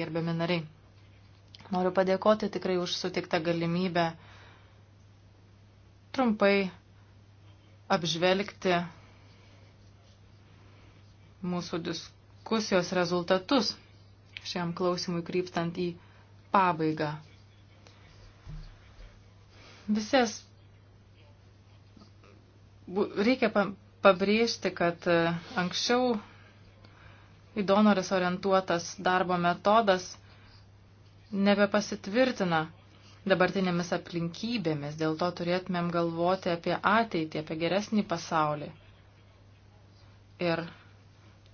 gerbiami nariai. Noriu padėkoti tikrai už sutiktą galimybę trumpai apžvelgti mūsų diskusijos rezultatus šiam klausimui krypstant į pabaigą. Visies reikia pabrėžti, kad e, anksčiau į donorės orientuotas darbo metodas nebepasitvirtina dabartinėmis aplinkybėmis, dėl to turėtumėm galvoti apie ateitį, apie geresnį pasaulį. Ir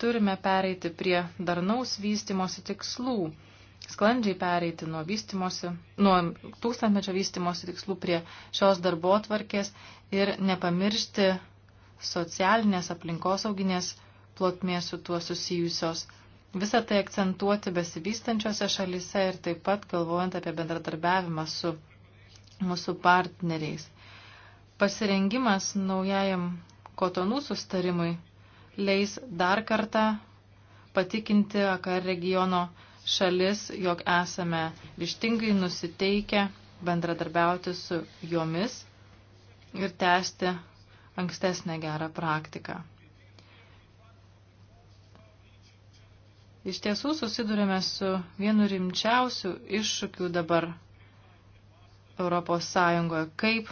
turime pereiti prie darnaus vystimosi tikslų, sklandžiai pereiti nuo, vystimosi, nuo tūkstantmečio vystimosi tikslų prie šios darbo tvarkės ir nepamiršti socialinės aplinkosauginės plotmės su tuo susijusios. Visą tai akcentuoti besivystančiose šalyse ir taip pat galvojant apie bendradarbiavimą su mūsų partneriais. Pasirengimas naujajam kotonų sustarimui leis dar kartą patikinti AKR regiono šalis, jog esame ryštingai nusiteikę bendradarbiauti su jomis ir tęsti ankstesnę gerą praktiką. Iš tiesų susidurime su vienu rimčiausių iššūkių dabar Europos Sąjungoje, kaip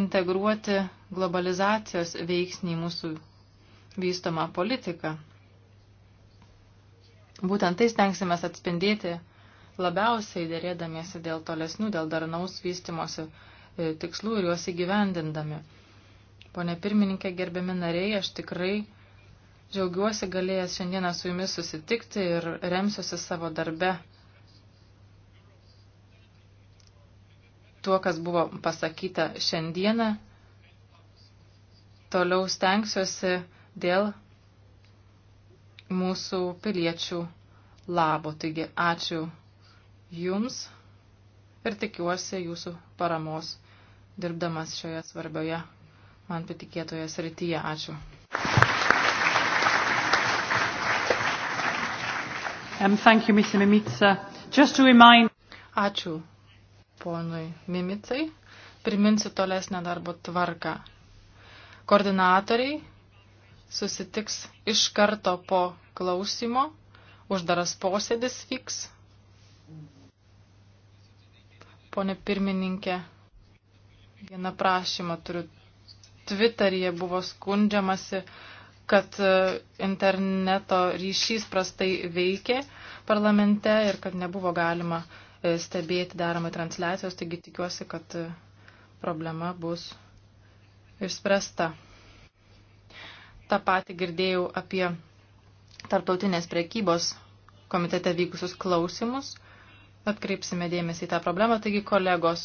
integruoti globalizacijos veiksnį mūsų vystomą politiką. Būtent tai stengsime atspindėti labiausiai dėrėdamiesi dėl tolesnių, dėl darnaus vystimosi e, tikslų ir juos įgyvendindami. Pone pirmininkė, gerbiami nariai, aš tikrai Džiaugiuosi galėjęs šiandieną su jumis susitikti ir remsiuosi savo darbe tuo, kas buvo pasakyta šiandieną. Toliau stengsiuosi dėl mūsų piliečių labo. Taigi ačiū Jums ir tikiuosi Jūsų paramos dirbdamas šioje svarbioje man patikėtoje srityje. Ačiū. Um, thank you, Mr. Mimica. Just to remind... Ačiū ponui Mimicai. Priminsiu tolesnę darbo tvarką. Koordinatoriai susitiks iš karto po klausimo. Uždaras posėdis vyks. Pone pirmininkė, vieną prašymą turiu. Twitteryje buvo skundžiamasi kad e, interneto ryšys prastai veikė parlamente ir kad nebuvo galima e, stebėti daromą transliacijos, taigi tikiuosi, kad e, problema bus išspręsta. Ta pati girdėjau apie tarptautinės prekybos komitete vykusius klausimus. Atkreipsime dėmesį į tą problemą. Taigi, kolegos,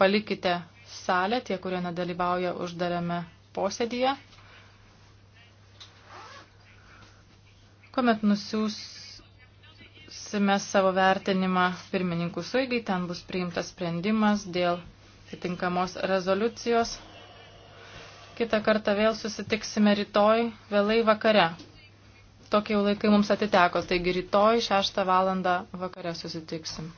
palikite salę, tie, kurie nedalyvauja uždariame posėdyje. kuomet nusiūsime savo vertinimą pirmininkų suigai, ten bus priimtas sprendimas dėl atitinkamos rezoliucijos. Kita kartą vėl susitiksime rytoj vėlai vakare. Tokie jau laikai mums atiteko, taigi rytoj 6 valandą vakare susitiksim.